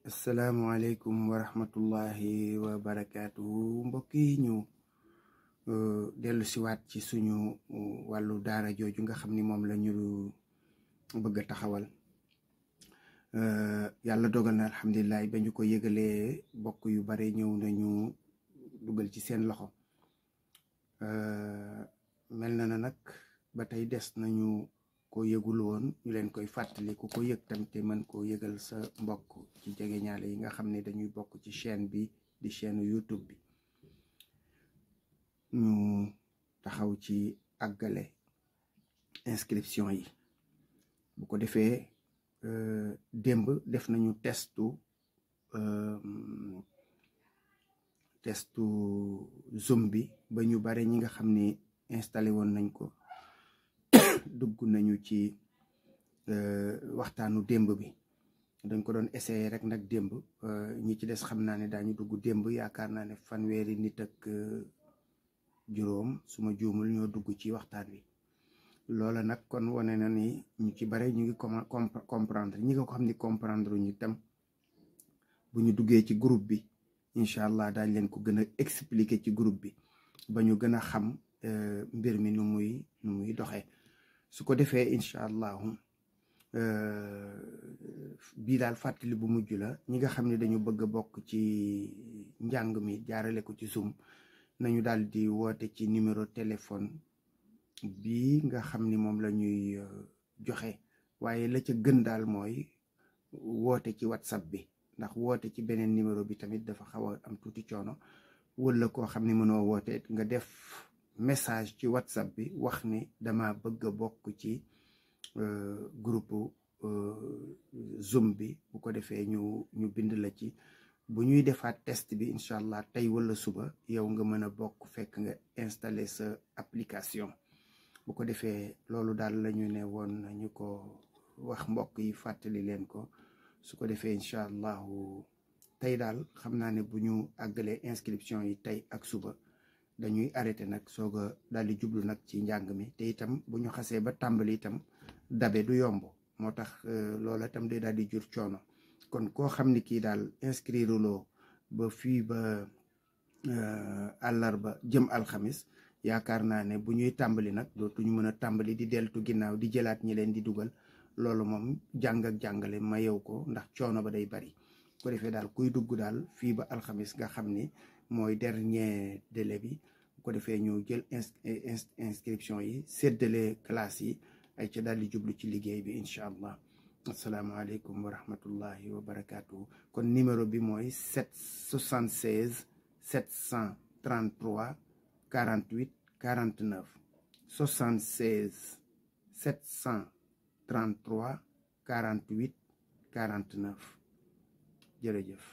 asalaamualeykum wa rahmatullahi wa barakaatu mbokk yi ñu uh, dellu siwaat ci suñu uh, wàllu daara jooju nga xam ni moom la ñu bëgg a taxawal uh, yàlla dogal na alhamdulilah ba ñu ko yëgalee bokk yu bare ñëw nañu dugal ci seen loxo mel na na nag ba tey des nañu ko yëgul woon ñu leen koy fàttali ku ko yëg tamit mën koo yëgal sa mbokk ci jegeñaale yi nga xam ne dañuy bokk ci chaîne bi di chaîne YouTube bi ñu taxaw ci àggale inscription yi bu ko defee euh, démb def nañu testu euh, testu Zoom bi ba ñu bare ñi nga xam ni installé woon nañ ko dugg nañu ci euh, waxtaanu démb bi dañ ko doon essayé rek nag démb euh, ñi ci des xam naa ne daañu dugg démb yaakaar naa ne fanweeri nit ak euh, juróom suma juumul ñoo dugg ci waxtaan wi loola nag kon wane na ni ñu ci bare ñu ngi comprendre ñi nga ko xam ni comprendre ñu tam bu ñu duggee ci groupe bi incha allah daañ leen ko gën a expliquer ci groupe bi ba ñu gën a xam mbir mi nu muy nu muy doxee su ko defee incha allahu euh, bii daal fàttali bu mujj la ñi nga xam ne dañu bëgg a bokk ci njàng mi jaarale ko ci Zoom nañu daal di woote ci numéro téléphone bii nga xam ni moom la ñuy euh, joxe waaye la ca gën daal mooy woote ci WhatsApp bi ndax woote ci beneen numéro bi tamit dafa xaw a am tuuti coono wala koo xam ni mënoo woote nga def. message ci whatsapp bi wax ni dama bëgg bokk ci euh, groupe euh, zoom bi bu ko defee ñu ñu bind la ci bu ñuy defaat test bi incha allah tey wala suba yow nga mën a bokk fekk nga installé sa application bu ko defee loolu daal lañu ne woon ñu ko wax mbokk yi fàttali leen ko su ko defee incha allahu tey daal xam naa ne bu ñu àggalee inscription yi tey ak suba dañuy arrêté nag soog a daal di jublu nag ci njàng mi te itam bu ñu xasee ba tàmbali itam dabe du yomb moo tax euh, loola itam day daal di jur coono kon koo xam ni kii daal inscrire loo ba fii ba euh, àllarba jëm alxamis yaakaar naa ne bu ñuy tàmbali nag dootuñu mën a tàmbali di deltu ginnaaw di jëlaat ñi leen di dugal loolu moom jàng ak jàngale mayew ko ndax coono ba day bari bu ko defee daal kuy dugg daal fii ba alxamis nga xam ni mooy dernier délé bi bu ko defee ñu jël inscription yi séddale classe yi ay ca daal di jublu ci liggéey bi incha allah asalaamaaleykum wa rahmatullahi wa kon numéro bi mooy 776 733 48 49 76 733 48 49 jërëjëf